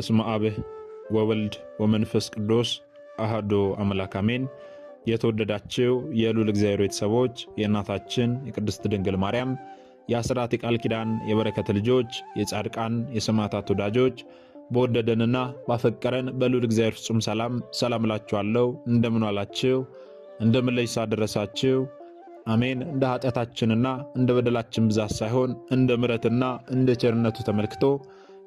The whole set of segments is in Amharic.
በስመ አብ ወወልድ ወመንፈስ ቅዱስ አሐዱ አምላክ አሜን። የተወደዳችው የሉል እግዚአብሔር ቤተሰቦች የእናታችን የቅድስት ድንግል ማርያም የአስራት የቃል ኪዳን የበረከት ልጆች የጻድቃን የሰማዕታት ወዳጆች በወደደንና ባፈቀረን በሉል እግዚአብሔር ፍጹም ሰላም ሰላም እላችኋለሁ። እንደምን ዋላችሁ? እንደምን ለይሳ አሜን። እንደ ኃጢአታችንና እንደ በደላችን ብዛት ሳይሆን እንደ ምረትና እንደ ቸርነቱ ተመልክቶ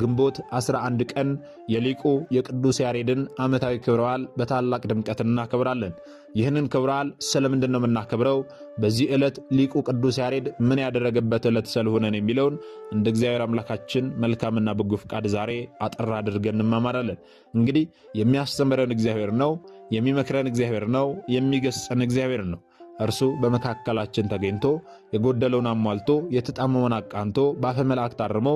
ግንቦት 11 ቀን የሊቁ የቅዱስ ያሬድን ዓመታዊ ክብረ በዓል በታላቅ ድምቀት እናከብራለን። ይህንን ክብረ በዓል ስለምንድን ነው የምናከብረው? በዚህ ዕለት ሊቁ ቅዱስ ያሬድ ምን ያደረገበት ዕለት ስለሆነን የሚለውን እንደ እግዚአብሔር አምላካችን መልካምና በጎ ፍቃድ ዛሬ አጠር አድርገን እንማማራለን። እንግዲህ የሚያስተምረን እግዚአብሔር ነው፣ የሚመክረን እግዚአብሔር ነው፣ የሚገስጸን እግዚአብሔር ነው። እርሱ በመካከላችን ተገኝቶ የጎደለውን አሟልቶ የተጣመመን አቃንቶ በአፈ መላእክት አርሞ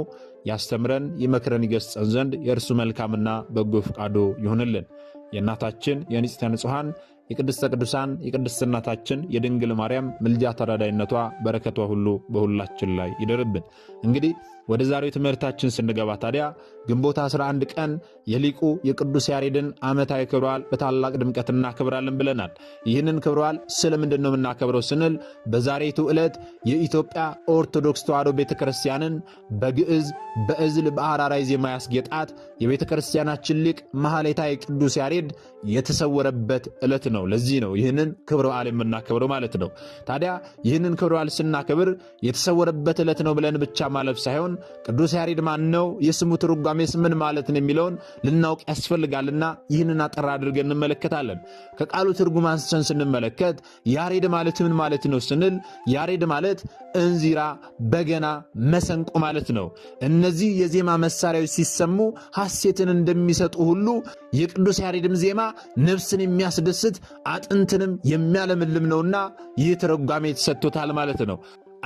ያስተምረን ይመክረን ይገሥጸን ዘንድ የእርሱ መልካምና በጎ ፈቃዱ ይሁንልን። የእናታችን የንጽሕተ ንጹሐን የቅድስተ ቅዱሳን የቅድስት እናታችን የድንግል ማርያም ምልጃ ተራዳይነቷ በረከቷ ሁሉ በሁላችን ላይ ይደርብን። እንግዲህ ወደ ዛሬው ትምህርታችን ስንገባ ታዲያ ግንቦት 11 ቀን የሊቁ የቅዱስ ያሬድን ዓመታዊ ክብረ በዓል በታላቅ ድምቀት እናከብራለን ብለናል። ይህንን ክብረ በዓል ስለምንድን ነው የምናከብረው ስንል በዛሬቱ ዕለት የኢትዮጵያ ኦርቶዶክስ ተዋሕዶ ቤተ ክርስቲያንን በግዕዝ በእዝል በአራራይ ዜማ ያስጌጣት የቤተ ክርስቲያናችን ሊቅ ማኅሌታይ ቅዱስ ያሬድ የተሰወረበት ዕለት ነው። ለዚህ ነው ይህንን ክብረ በዓል የምናከብረው ማለት ነው። ታዲያ ይህንን ክብረ በዓል ስናከብር የተሰወረበት ዕለት ነው ብለን ብቻ ማለፍ ሳይሆን ስለሆን ቅዱስ ያሬድ ማን ነው? የስሙ ትርጓሜስ ምን ማለት ነው? የሚለውን ልናውቅ ያስፈልጋልና ይህንን አጠር አድርገን እንመለከታለን። ከቃሉ ትርጉም አንስተን ስንመለከት ያሬድ ማለት ምን ማለት ነው ስንል ያሬድ ማለት እንዚራ፣ በገና፣ መሰንቆ ማለት ነው። እነዚህ የዜማ መሳሪያዎች ሲሰሙ ሐሴትን እንደሚሰጡ ሁሉ የቅዱስ ያሬድም ዜማ ነፍስን የሚያስደስት አጥንትንም የሚያለምልም ነውና ይህ ትርጓሜ ተሰጥቶታል ማለት ነው።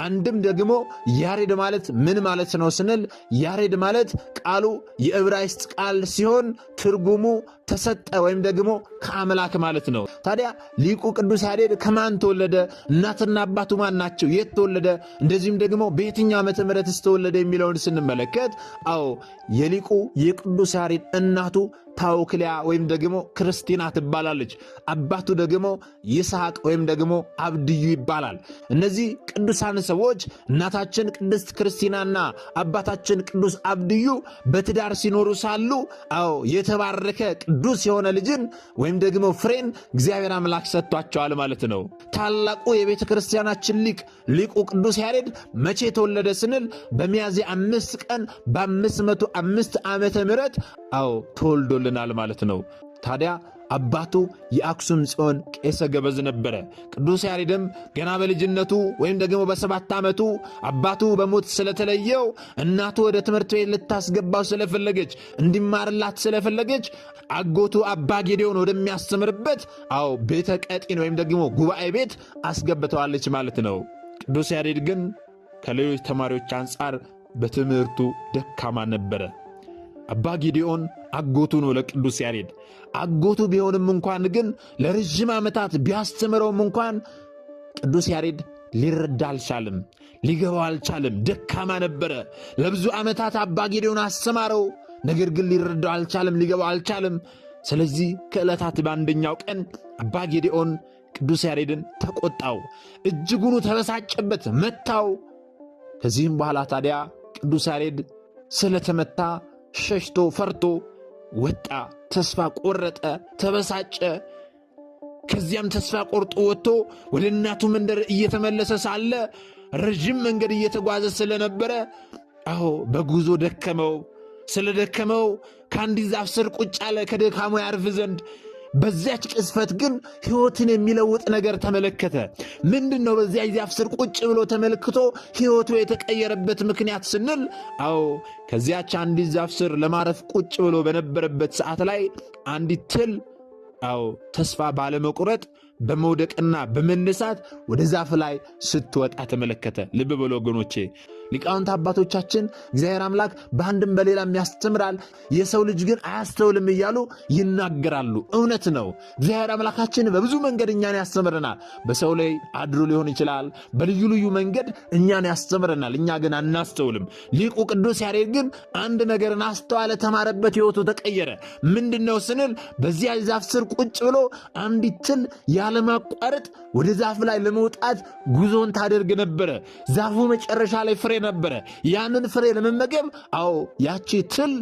አንድም ደግሞ ያሬድ ማለት ምን ማለት ነው ስንል ያሬድ ማለት ቃሉ የዕብራይስጥ ቃል ሲሆን ትርጉሙ ተሰጠ ወይም ደግሞ ከአምላክ ማለት ነው። ታዲያ ሊቁ ቅዱስ ያሬድ ከማን ተወለደ? እናትና አባቱ ማን ናቸው? የት ተወለደ? እንደዚሁም ደግሞ በየትኛው ዓመተ ምሕረትስ ስተወለደ የሚለውን ስንመለከት፣ አዎ የሊቁ የቅዱስ ያሬድ እናቱ ታውክሊያ ወይም ደግሞ ክርስቲና ትባላለች። አባቱ ደግሞ ይስሐቅ ወይም ደግሞ አብድዩ ይባላል። እነዚህ ቅዱሳን ሰዎች እናታችን ቅድስት ክርስቲናና አባታችን ቅዱስ አብድዩ በትዳር ሲኖሩ ሳሉ አዎ የተባረከ ቅዱስ የሆነ ልጅን ወይም ደግሞ ፍሬን እግዚአብሔር አምላክ ሰጥቷቸዋል ማለት ነው። ታላቁ የቤተ ክርስቲያናችን ሊቅ ሊቁ ቅዱስ ያሬድ መቼ ተወለደ ስንል በሚያዝያ አምስት ቀን በአምስት መቶ አምስት ዓመተ ምህረት አዎ ተወልዶልናል ማለት ነው ታዲያ አባቱ የአክሱም ጽዮን ቄሰ ገበዝ ነበረ። ቅዱስ ያሬድም ገና በልጅነቱ ወይም ደግሞ በሰባት ዓመቱ አባቱ በሞት ስለተለየው እናቱ ወደ ትምህርት ቤት ልታስገባው ስለፈለገች እንዲማርላት ስለፈለገች አጎቱ አባ ጌዴዎን ወደሚያስተምርበት አዎ ቤተ ቀጢን ወይም ደግሞ ጉባኤ ቤት አስገብተዋለች ማለት ነው። ቅዱስ ያሬድ ግን ከሌሎች ተማሪዎች አንጻር በትምህርቱ ደካማ ነበረ። አባ ጌዴዎን አጎቱ ነው ለቅዱስ ያሬድ። አጎቱ ቢሆንም እንኳን ግን ለረዥም ዓመታት ቢያስተምረውም እንኳን ቅዱስ ያሬድ ሊረዳ አልቻልም፣ ሊገባው አልቻልም። ደካማ ነበረ። ለብዙ ዓመታት አባ ጌዴዎን አስተማረው፣ ነገር ግን ሊረዳው አልቻልም፣ ሊገባው አልቻልም። ስለዚህ ከዕለታት በአንደኛው ቀን አባ ጌዴዎን ቅዱስ ያሬድን ተቆጣው፣ እጅጉኑ ተበሳጨበት፣ መታው። ከዚህም በኋላ ታዲያ ቅዱስ ያሬድ ስለተመታ ሸሽቶ ፈርቶ ወጣ። ተስፋ ቆረጠ፣ ተበሳጨ። ከዚያም ተስፋ ቆርጦ ወጥቶ ወደ እናቱ መንደር እየተመለሰ ሳለ ረዥም መንገድ እየተጓዘ ስለነበረ አዎ በጉዞ ደከመው። ስለደከመው ከአንዲት ዛፍ ስር ቁጭ አለ ከድካሙ ያርፍ ዘንድ በዚያች ቅስፈት ግን ሕይወትን የሚለውጥ ነገር ተመለከተ። ምንድን ነው? በዚያ ዛፍ ስር ቁጭ ብሎ ተመልክቶ ሕይወቱ የተቀየረበት ምክንያት ስንል፣ አዎ ከዚያች አንዲት ዛፍ ስር ለማረፍ ቁጭ ብሎ በነበረበት ሰዓት ላይ አንዲት ትል አዎ ተስፋ ባለመቁረጥ በመውደቅና በመነሳት ወደ ዛፍ ላይ ስትወጣ ተመለከተ። ልብ በሉ ወገኖቼ፣ ሊቃውንት አባቶቻችን እግዚአብሔር አምላክ በአንድም በሌላም ያስተምራል፣ የሰው ልጅ ግን አያስተውልም እያሉ ይናገራሉ። እውነት ነው። እግዚአብሔር አምላካችን በብዙ መንገድ እኛን ያስተምረናል። በሰው ላይ አድሮ ሊሆን ይችላል። በልዩ ልዩ መንገድ እኛን ያስተምረናል፣ እኛ ግን አናስተውልም። ሊቁ ቅዱስ ያሬድ ግን አንድ ነገርን አስተዋለ፣ ተማረበት፣ ህይወቱ ተቀየረ። ምንድን ነው ስንል በዚያ ዛፍ ስር ቁጭ ብሎ አንዲትን ያ ያለማቋረጥ ወደ ዛፍ ላይ ለመውጣት ጉዞን ታደርግ ነበረ። ዛፉ መጨረሻ ላይ ፍሬ ነበረ። ያንን ፍሬ ለመመገብ አዎ ያቺ ትል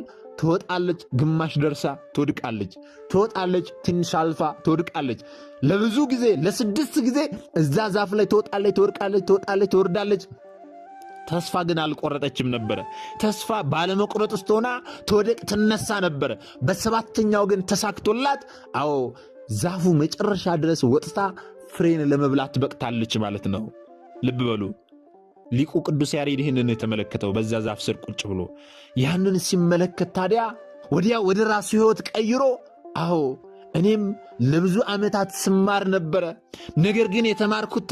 ትወጣለች፣ ግማሽ ደርሳ ትወድቃለች፣ ትወጣለች፣ ትንሽ አልፋ ትወድቃለች። ለብዙ ጊዜ ለስድስት ጊዜ እዛ ዛፍ ላይ ትወጣለች፣ ትወድቃለች፣ ትወጣለች፣ ትወርዳለች። ተስፋ ግን አልቆረጠችም ነበረ። ተስፋ ባለመቁረጥ ስትሆና ትወደቅ ትነሳ ነበረ። በሰባተኛው ግን ተሳክቶላት አዎ ዛፉ መጨረሻ ድረስ ወጥታ ፍሬን ለመብላት በቅታለች ማለት ነው። ልብ በሉ ሊቁ ቅዱስ ያሬድ ይህንን የተመለከተው በዛ ዛፍ ስር ቁጭ ብሎ ያንን ሲመለከት ታዲያ ወዲያ ወደ ራሱ ሕይወት ቀይሮ አዎ እኔም ለብዙ ዓመታት ስማር ነበረ። ነገር ግን የተማርኩት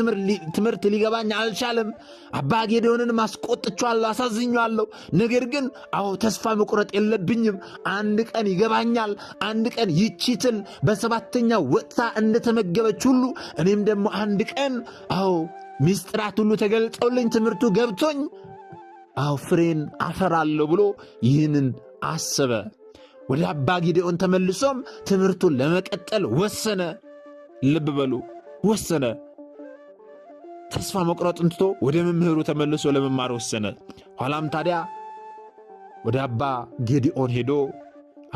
ትምህርት ሊገባኝ አልቻለም። አባ ጌዴዎንንም አስቆጥቼዋለሁ፣ አሳዝኜዋለሁ። ነገር ግን አዎ ተስፋ መቁረጥ የለብኝም። አንድ ቀን ይገባኛል። አንድ ቀን ይቺትን በሰባተኛ ወጥታ እንደተመገበች ሁሉ እኔም ደግሞ አንድ ቀን አዎ ሚስጥራት ሁሉ ተገልጸውልኝ ትምህርቱ ገብቶኝ አዎ ፍሬን አፈራለሁ ብሎ ይህንን አሰበ። ወደ አባ ጊዴዎን ተመልሶም ትምህርቱን ለመቀጠል ወሰነ። ልብ በሉ ወሰነ። ተስፋ መቁረጥን ትቶ ወደ መምህሩ ተመልሶ ለመማር ወሰነ። ኋላም ታዲያ ወደ አባ ጌዲኦን ሄዶ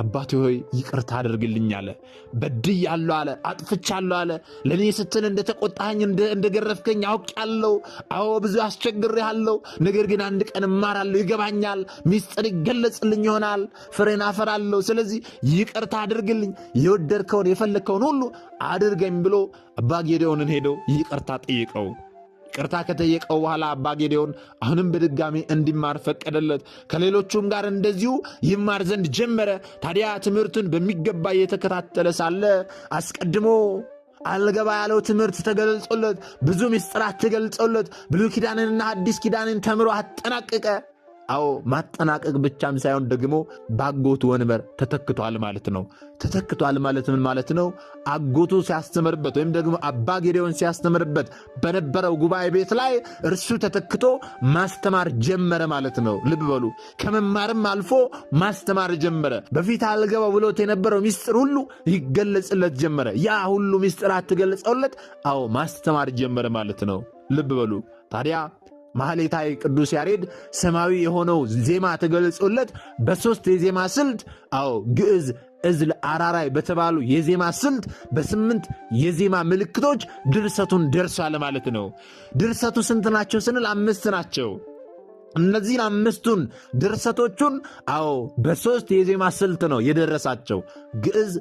አባቴ ሆይ ይቅርታ አድርግልኝ አለ። በድያለሁ አለ። አጥፍቻለሁ አለ። ለእኔ ስትል እንደተቆጣኝ እንደገረፍከኝ አውቄያለሁ። አዎ ብዙ አስቸግሬሃለሁ። ነገር ግን አንድ ቀን እማራለሁ፣ ይገባኛል፣ ሚስጥር ይገለጽልኝ ይሆናል፣ ፍሬን አፈራለሁ። ስለዚህ ይቅርታ አድርግልኝ፣ የወደድከውን የፈለግከውን ሁሉ አድርገኝ ብሎ አባ ጌዴዎንን ሄደው ይቅርታ ጠይቀው ቅርታ ከጠየቀው በኋላ አባ ጌዴዎን አሁንም በድጋሚ እንዲማር ፈቀደለት። ከሌሎቹም ጋር እንደዚሁ ይማር ዘንድ ጀመረ። ታዲያ ትምህርቱን በሚገባ እየተከታተለ ሳለ አስቀድሞ አልገባ ያለው ትምህርት ተገልጾለት፣ ብዙ ምስጢራት ተገልጾለት፣ ብሉይ ኪዳንንና አዲስ ኪዳንን ተምሮ አጠናቀቀ። አዎ ማጠናቀቅ ብቻም ሳይሆን ደግሞ በአጎቱ ወንበር ተተክቷል ማለት ነው። ተተክቷል ማለት ምን ማለት ነው? አጎቱ ሲያስተምርበት ወይም ደግሞ አባ ጌዴዎን ሲያስተምርበት በነበረው ጉባኤ ቤት ላይ እርሱ ተተክቶ ማስተማር ጀመረ ማለት ነው። ልብ በሉ፣ ከመማርም አልፎ ማስተማር ጀመረ። በፊት አልገባ ብሎት የነበረው ሚስጥር ሁሉ ይገለጽለት ጀመረ። ያ ሁሉ ሚስጥር አትገለጸውለት? አዎ ማስተማር ጀመረ ማለት ነው። ልብ በሉ ታዲያ ማህሌታይ ቅዱስ ያሬድ ሰማዊ የሆነው ዜማ ተገልጾለት በሶስት የዜማ ስልት አዎ ግዕዝ እዝል አራራይ በተባሉ የዜማ ስልት በስምንት የዜማ ምልክቶች ድርሰቱን ደርሷል ማለት ነው። ድርሰቱ ስንት ናቸው ስንል አምስት ናቸው። እነዚህን አምስቱን ድርሰቶቹን አዎ በሶስት የዜማ ስልት ነው የደረሳቸው ግዕዝ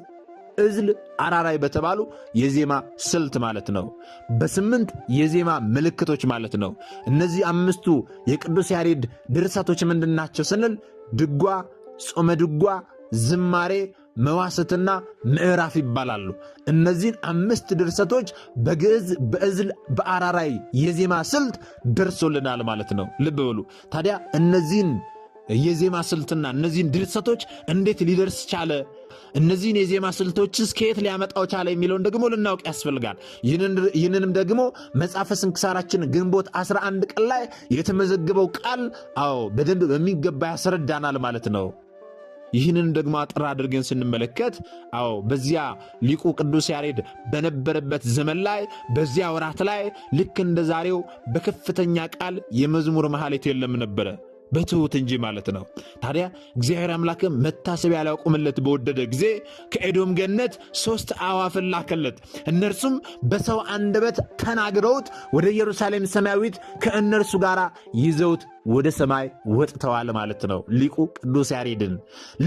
እዝል፣ አራራይ በተባሉ የዜማ ስልት ማለት ነው። በስምንት የዜማ ምልክቶች ማለት ነው። እነዚህ አምስቱ የቅዱስ ያሬድ ድርሰቶች ምንድን ናቸው ስንል ድጓ፣ ጾመ ድጓ፣ ዝማሬ መዋስትና ምዕራፍ ይባላሉ። እነዚህን አምስት ድርሰቶች በግዕዝ በእዝል በአራራይ የዜማ ስልት ደርሶልናል ማለት ነው። ልብ በሉ ታዲያ እነዚህን የዜማ ስልትና እነዚህን ድርሰቶች እንዴት ሊደርስ ቻለ እነዚህን የዜማ ስልቶች ከየት ሊያመጣው ቻለ የሚለውን ደግሞ ልናውቅ ያስፈልጋል። ይህንንም ደግሞ መጽሐፈ ስንክሳራችን ግንቦት 11 ቀን ላይ የተመዘገበው ቃል አዎ በደንብ በሚገባ ያስረዳናል ማለት ነው። ይህንን ደግሞ አጥር አድርገን ስንመለከት አዎ በዚያ ሊቁ ቅዱስ ያሬድ በነበረበት ዘመን ላይ በዚያ ወራት ላይ ልክ እንደ ዛሬው በከፍተኛ ቃል የመዝሙር መሐሌት የለም ነበረ። በትሁት እንጂ ማለት ነው። ታዲያ እግዚአብሔር አምላክም መታሰቢያ ሊያቆምለት በወደደ ጊዜ ከኤዶም ገነት ሶስት አዕዋፍን ላከለት። እነርሱም በሰው አንደበት ተናግረውት ወደ ኢየሩሳሌም ሰማያዊት ከእነርሱ ጋር ይዘውት ወደ ሰማይ ወጥተዋል ማለት ነው። ሊቁ ቅዱስ ያሬድን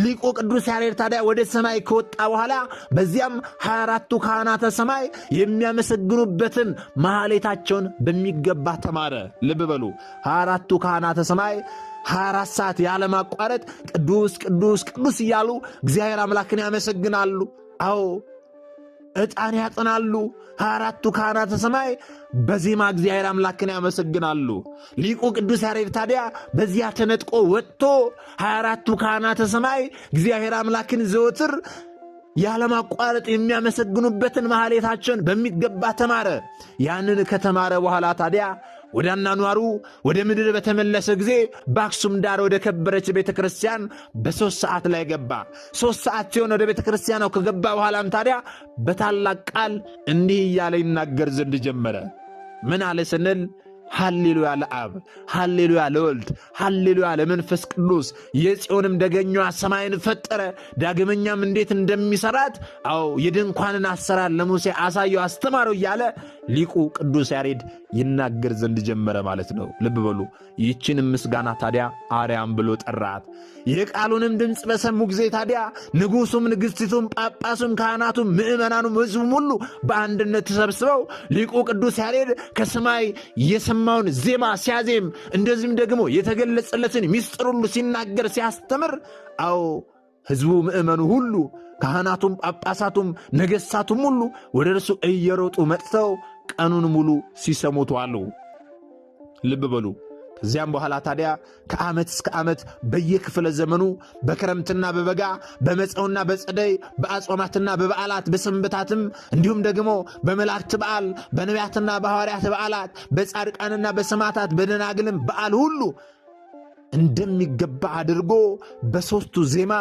ሊቁ ቅዱስ ያሬድ ታዲያ ወደ ሰማይ ከወጣ በኋላ በዚያም 24ቱ ካህናተ ሰማይ የሚያመሰግኑበትን ማህሌታቸውን በሚገባ ተማረ። ልብ በሉ 24ቱ ካህናተ ሰማይ 24 ሰዓት ያለማቋረጥ ቅዱስ ቅዱስ ቅዱስ እያሉ እግዚአብሔር አምላክን ያመሰግናሉ። አዎ ዕጣን ያጥናሉ ሀያ አራቱ ካህናተ ሰማይ በዜማ እግዚአብሔር አምላክን ያመሰግናሉ። ሊቁ ቅዱስ ያሬድ ታዲያ በዚያ ተነጥቆ ወጥቶ ሀያ አራቱ ካህናተ ሰማይ እግዚአብሔር አምላክን ዘወትር ያለማቋረጥ የሚያመሰግኑበትን ማህሌታቸውን በሚገባ ተማረ። ያንን ከተማረ በኋላ ታዲያ ወደ አናኗሩ ወደ ምድር በተመለሰ ጊዜ በአክሱም ዳር ወደ ከበረች ቤተ ክርስቲያን በሦስት ሰዓት ላይ ገባ። ሦስት ሰዓት ሲሆን ወደ ቤተ ነው። ከገባ በኋላም ታዲያ በታላቅ ቃል እንዲህ እያለ ይናገር ዘንድ ጀመረ። ምን አለ ስንል ሃሌሉያ ለአብ፣ ሃሌሉያ ለወልድ፣ ሃሌሉያ ለመንፈስ ቅዱስ። የጽዮንም ደገኛዋ ሰማይን ፈጠረ። ዳግመኛም እንዴት እንደሚሰራት አዎ የድንኳንን አሰራር ለሙሴ አሳየው አስተማረው እያለ ሊቁ ቅዱስ ያሬድ ይናገር ዘንድ ጀመረ ማለት ነው። ልብ በሉ። ይህችንም ምስጋና ታዲያ አርያም ብሎ ጠራት። የቃሉንም ድምፅ በሰሙ ጊዜ ታዲያ ንጉሱም፣ ንግሥቲቱም፣ ጳጳሱም፣ ካህናቱም፣ ምእመናኑም፣ ሕዝቡም ሁሉ በአንድነት ተሰብስበው ሊቁ ቅዱስ ያሬድ ከሰማይ የሰማ የሰማውን ዜማ ሲያዜም እንደዚህም ደግሞ የተገለጸለትን ሚስጥር ሁሉ ሲናገር ሲያስተምር፣ አዎ ሕዝቡ ምእመኑ ሁሉ ካህናቱም ጳጳሳቱም ነገሥታቱም ሁሉ ወደ እርሱ እየሮጡ መጥተው ቀኑን ሙሉ ሲሰሙት ዋሉ። ልብ በሉ። ከዚያም በኋላ ታዲያ ከዓመት እስከ ዓመት በየክፍለ ዘመኑ በክረምትና በበጋ በመፀውና በጸደይ በአጾማትና በበዓላት በሰንበታትም እንዲሁም ደግሞ በመላእክት በዓል በነቢያትና በሐዋርያት በዓላት በጻድቃንና በሰማዕታት በደናግልም በዓል ሁሉ እንደሚገባ አድርጎ በሦስቱ ዜማ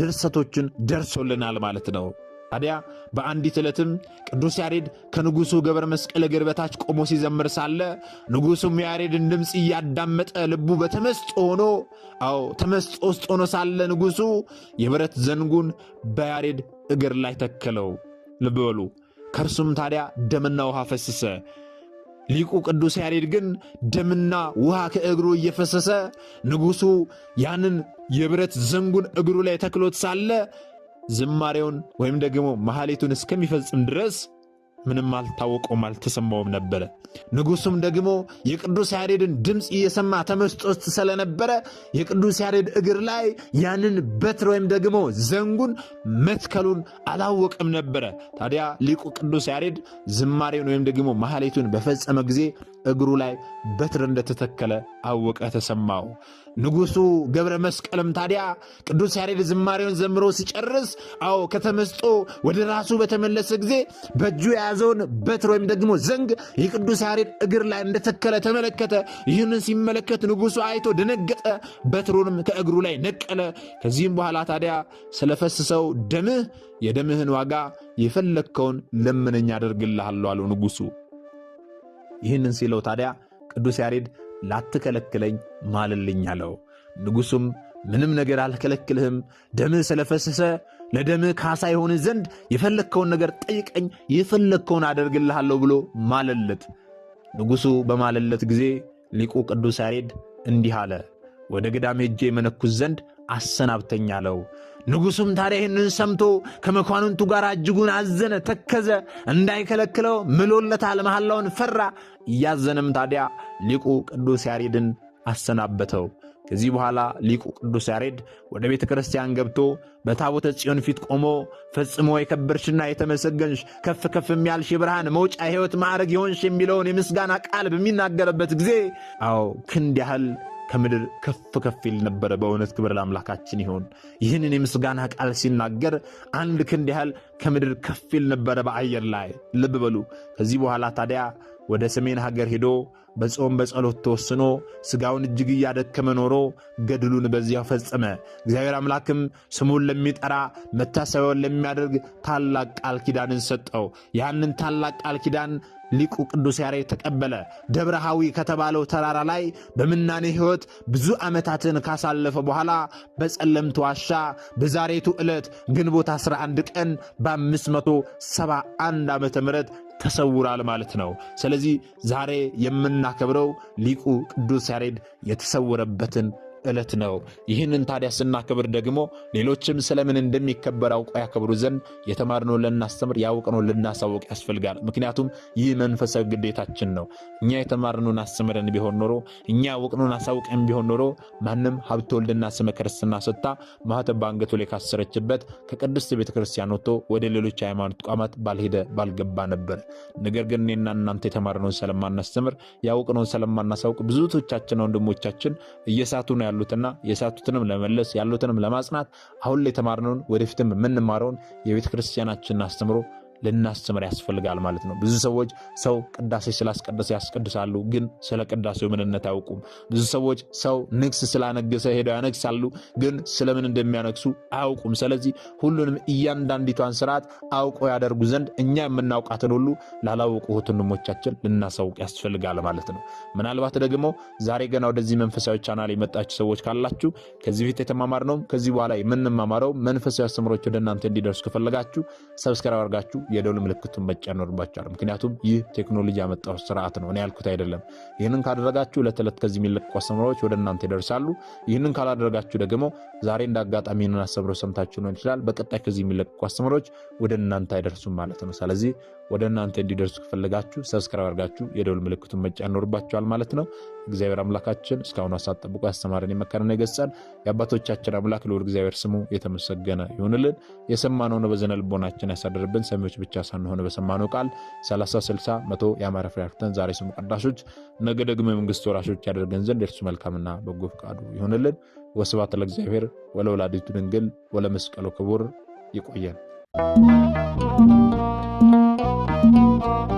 ድርሰቶችን ደርሶልናል ማለት ነው። ታዲያ በአንዲት ዕለትም ቅዱስ ያሬድ ከንጉሡ ገብረ መስቀል እግር በታች ቆሞ ሲዘምር ሳለ ንጉሡም ያሬድን ድምፅ እያዳመጠ ልቡ በተመስጦ ሆኖ አዎ ተመስጦ ውስጥ ሆኖ ሳለ ንጉሡ የብረት ዘንጉን በያሬድ እግር ላይ ተከለው። ልብ በሉ። ከእርሱም ታዲያ ደምና ውሃ ፈሰሰ። ሊቁ ቅዱስ ያሬድ ግን ደምና ውሃ ከእግሩ እየፈሰሰ ንጉሡ ያንን የብረት ዘንጉን እግሩ ላይ ተክሎት ሳለ ዝማሬውን ወይም ደግሞ መሐሌቱን እስከሚፈጽም ድረስ ምንም አልታወቀውም፣ አልተሰማውም ነበረ። ንጉሱም ደግሞ የቅዱስ ያሬድን ድምፅ እየሰማ ተመስጦ ውስጥ ስለነበረ የቅዱስ ያሬድ እግር ላይ ያንን በትር ወይም ደግሞ ዘንጉን መትከሉን አላወቅም ነበረ። ታዲያ ሊቁ ቅዱስ ያሬድ ዝማሬውን ወይም ደግሞ ማህሌቱን በፈጸመ ጊዜ እግሩ ላይ በትር እንደተተከለ አወቀ፣ ተሰማው። ንጉሱ ገብረ መስቀልም ታዲያ ቅዱስ ያሬድ ዝማሬውን ዘምሮ ሲጨርስ፣ አዎ ከተመስጦ ወደ ራሱ በተመለሰ ጊዜ በእጁ የያዘውን በትር ወይም ደግሞ ዘንግ የቅዱስ ያሬድ እግር ላይ እንደተከለ ተመለከተ። ይህንን ሲመለከት ንጉሱ አይቶ ደነገጠ። በትሩንም ከእግሩ ላይ ነቀለ። ከዚህም በኋላ ታዲያ ስለፈስሰው ደምህ የደምህን ዋጋ የፈለግከውን ለምነኝ አደርግልሃለሁ አለው ንጉሱ። ይህንን ሲለው ታዲያ ቅዱስ ያሬድ ላትከለክለኝ ማልልኝ አለው። ንጉሱም ምንም ነገር አልከለክልህም፣ ደምህ ስለፈሰሰ ለደምህ ካሳ የሆንህ ዘንድ የፈለግከውን ነገር ጠይቀኝ፣ የፈለግከውን አደርግልሃለሁ ብሎ ማለለት። ንጉሡ በማለለት ጊዜ ሊቁ ቅዱስ ያሬድ እንዲህ አለ፣ ወደ ገዳሜ ሄጄ የመነኩስ ዘንድ አሰናብተኝ አለው። ንጉሡም ታዲያ ይህንን ሰምቶ ከመኳንንቱ ጋር እጅጉን አዘነ፣ ተከዘ። እንዳይከለክለው ምሎለታል፣ መሐላውን ፈራ። እያዘነም ታዲያ ሊቁ ቅዱስ ያሬድን አሰናበተው። ከዚህ በኋላ ሊቁ ቅዱስ ያሬድ ወደ ቤተ ክርስቲያን ገብቶ በታቦተ ጽዮን ፊት ቆሞ ፈጽሞ የከበርሽና የተመሰገንሽ ከፍ ከፍ የሚያልሽ የብርሃን መውጫ የሕይወት ማዕረግ የሆንሽ የሚለውን የምስጋና ቃል በሚናገርበት ጊዜ አዎ ክንድ ያህል ከምድር ከፍ ከፍ ይል ነበረ። በእውነት ክብር ለአምላካችን ይሆን። ይህንን የምስጋና ቃል ሲናገር አንድ ክንድ ያህል ከምድር ከፍ ይል ነበረ በአየር ላይ ልብ በሉ። ከዚህ በኋላ ታዲያ ወደ ሰሜን ሀገር ሄዶ በጾም በጸሎት ተወስኖ ሥጋውን እጅግ እያደከመ ኖሮ ገድሉን በዚያው ፈጸመ። እግዚአብሔር አምላክም ስሙን ለሚጠራ መታሰቢያውን ለሚያደርግ ታላቅ ቃል ኪዳንን ሰጠው። ያንን ታላቅ ቃል ኪዳን ሊቁ ቅዱስ ያሬድ ተቀበለ። ደብረሃዊ ከተባለው ተራራ ላይ በምናኔ ሕይወት ብዙ ዓመታትን ካሳለፈ በኋላ በጸለምት ዋሻ በዛሬቱ ዕለት ግንቦት 11 ቀን በ571 ዓ ም ተሰውራል ማለት ነው። ስለዚህ ዛሬ የምናከብረው ሊቁ ቅዱስ ያሬድ የተሰወረበትን ዕለት ነው። ይህንን ታዲያ ስናከብር ደግሞ ሌሎችም ስለምን እንደሚከበር አውቀው ያከብሩ ዘንድ የተማርነው ልናስተምር፣ ያውቅነው ልናሳውቅ ያስፈልጋል። ምክንያቱም ይህ መንፈሳዊ ግዴታችን ነው። እኛ የተማርነውን አስተምረን ቢሆን ኖሮ፣ እኛ ያውቅነውን አሳውቀን ቢሆን ኖሮ ማንም ሀብተ ወልድና ስመ ክርስትና ሰጥታ ማኅተብ በአንገቱ ላይ ካሰረችበት ከቅድስት ቤተ ክርስቲያን ወጥቶ ወደ ሌሎች ሃይማኖት ተቋማት ባልሄደ ባልገባ ነበር። ነገር ግን እኔና እናንተ የተማርነውን ስለማናስተምር፣ ያውቅነውን ስለማናሳውቅ ብዙቶቻችን ወንድሞቻችን እየሳቱ ነው ያሉትና የሳቱትንም ለመመለስ ያሉትንም ለማጽናት አሁን ላይ የተማርነውን ወደፊትም የምንማረውን የቤተ ክርስቲያናችንን አስተምሮ ልናስተምር ያስፈልጋል ማለት ነው። ብዙ ሰዎች ሰው ቅዳሴ ስላስቀደሰ ያስቀድሳሉ፣ ግን ስለ ቅዳሴው ምንነት አያውቁም። ብዙ ሰዎች ሰው ንግስ ስላነገሰ ሄደው ያነግሳሉ፣ ግን ስለምን እንደሚያነግሱ አያውቁም። ስለዚህ ሁሉንም እያንዳንዲቷን ስርዓት አውቀው ያደርጉ ዘንድ እኛ የምናውቃትን ሁሉ ላላወቁት ወንድሞቻችን ልናሳውቅ ያስፈልጋል ማለት ነው። ምናልባት ደግሞ ዛሬ ገና ወደዚህ መንፈሳዊ ቻናል የመጣችሁ ሰዎች ካላችሁ ከዚህ በፊት የተማማርነውም ከዚህ በኋላ የምንማማረው መንፈሳዊ አስተምሮች ወደ እናንተ እንዲደርሱ ከፈለጋችሁ ሰብስክራይብ አድርጋችሁ የደውል ምልክቱን መጫን ይኖርባቸዋል። ምክንያቱም ይህ ቴክኖሎጂ ያመጣው ስርዓት ነው፣ እኔ ያልኩት አይደለም። ይህንን ካደረጋችሁ ዕለት ዕለት ከዚህ የሚለቁ አስተምሮች ወደ እናንተ ይደርሳሉ። ይህንን ካላደረጋችሁ ደግሞ ዛሬ እንደ አጋጣሚ አስተምሮ ሰምታችሁ ሊሆን ይችላል፣ በቀጣይ ከዚህ የሚለቁ አስተምሮች ወደ እናንተ አይደርሱም ማለት ነው። ስለዚህ ወደ እናንተ እንዲደርሱ ከፈለጋችሁ ሰብስክራይብ አድርጋችሁ የደውል ምልክቱን መጫን ይኖርባችኋል ማለት ነው። እግዚአብሔር አምላካችን እስካሁን ሀሳብ ጠብቆ ያስተማረን የመከረን ይገሳል። የአባቶቻችን አምላክ ልዑል እግዚአብሔር ስሙ የተመሰገነ ይሁንልን። የሰማነውን በዘነ ልቦናችን ያሳደርብን። ሰሚዎች ብቻ ሳንሆን በሰማነው ቃል 30፣ 60፣ መቶ የአማረ ፍሬ አፍርተን ዛሬ ስሙ ቀዳሾች፣ ነገ ደግሞ የመንግስት ወራሾች ያደርገን ዘንድ የእርሱ መልካምና በጎ ፈቃዱ ይሁንልን። ወስብሐት ለእግዚአብሔር ወለወላዲቱ ድንግል ወለመስቀሉ ክቡር። ይቆየን። Thank you.